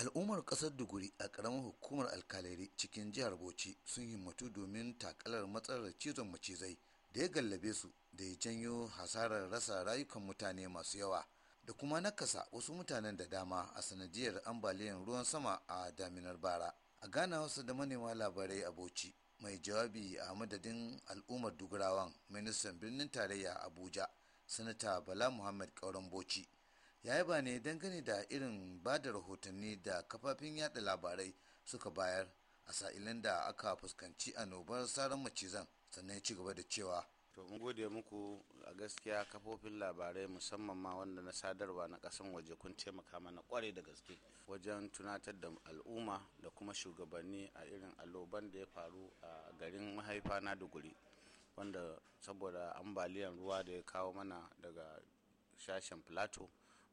al'ummar kasar duguri a karamar hukumar alkalari cikin jihar bauchi sun himmatu domin takalar matsalar cizon macizai da ya gallabe su da ya janyo hasarar rasa rayukan mutane masu yawa da kuma nakasa wasu mutanen da dama a sanadiyar ambaliyar ruwan sama a daminar bara a gana wasu da manema labarai a bauchi mai jawabi a madadin al'ummar dugurawan ministan birnin tarayya abuja sanata bala muhammad kauran bauchi ya ba ne dangane da irin ba da rahotanni da kafafin yada labarai suka bayar a sa'ilin da aka fuskanci annobar saran macizan sannan ya ci gaba da cewa to mun gode muku a gaskiya kafofin labarai musamman ma wanda na sadarwa na kasan waje kun taimaka mana kwarai da gaske wajen tunatar da al'umma da kuma shugabanni a irin alloban da ya faru a garin mahaifa na duguri wanda saboda ambaliyan ruwa da ya kawo mana daga sashen plateau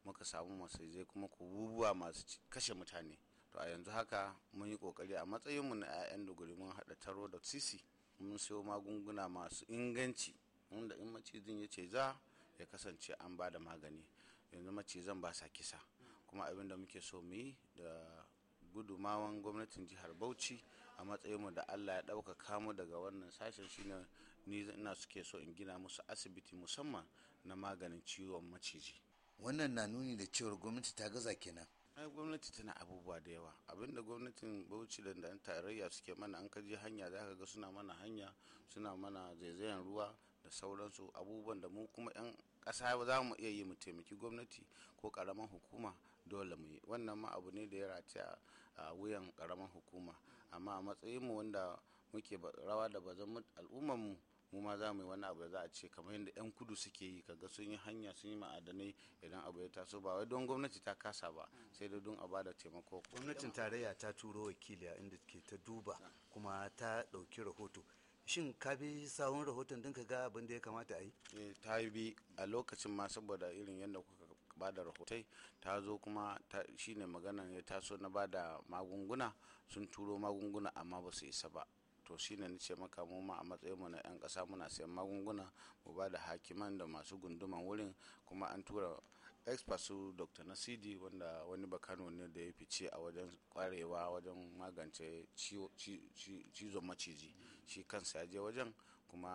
muka samu masai kuma ku bubuwa masu kashe mutane to a yanzu haka mun yi kokari a matsayin mu na 'ya'yan dogari mun haɗa taro da sisi mun siyo magunguna masu inganci wanda in macizin ya ce za ya kasance an ba da magani yanzu macizan ba sa kisa kuma abin da muke so mu yi da gudumawan gwamnatin jihar bauchi a matsayinmu da allah ya ɗaukaka mu daga wannan sashen shine ni ina suke so in gina musu asibiti musamman na maganin ciwon maciji wannan na nuni da cewar gwamnati ta gaza kenan ai gwamnati tana abubuwa da yawa abinda gwamnatin bauchi da dan tarayya suke mana an kaji hanya za ka ga suna mana hanya suna mana zaizayen ruwa da sauransu abubuwan da mu kuma yan ƙasa za mu iya yi mu taimaki gwamnati ko ƙaramin hukuma dole mu yi wannan ma abu ne da ya rataya a wuyan ƙaramin hukuma amma a matsayin mu wanda muke rawa da bazan al'ummar mu mu ma za mu yi wani abu da za a ce kamar yadda 'yan kudu suke yi kaga sun yi hanya sun yi ma'adanai idan abu ya taso ba wai don gwamnati ta kasa ba sai da don a bada taimako gwamnatin tarayya ta turo wakili a inda ke ta duba kuma ta ɗauki rahoto shin ka bi sawun rahoton ka ga abin da ya kamata a yi eh, ta yi bi a lokacin ma saboda irin yadda kuka bada rahotai ta zo kuma shine magana ya taso na bada magunguna sun turo magunguna amma ba su isa ba to shine ni ce maka mu ma a matsayinmu na 'yan ƙasa muna sayan magunguna mu ba da hakiman da masu gunduman wurin kuma an tura expert su dr nasidi wanda wani bakano ne da ya fice a wajen kwarewa wajen magance cizon maciji shi kansa ya je wajen kuma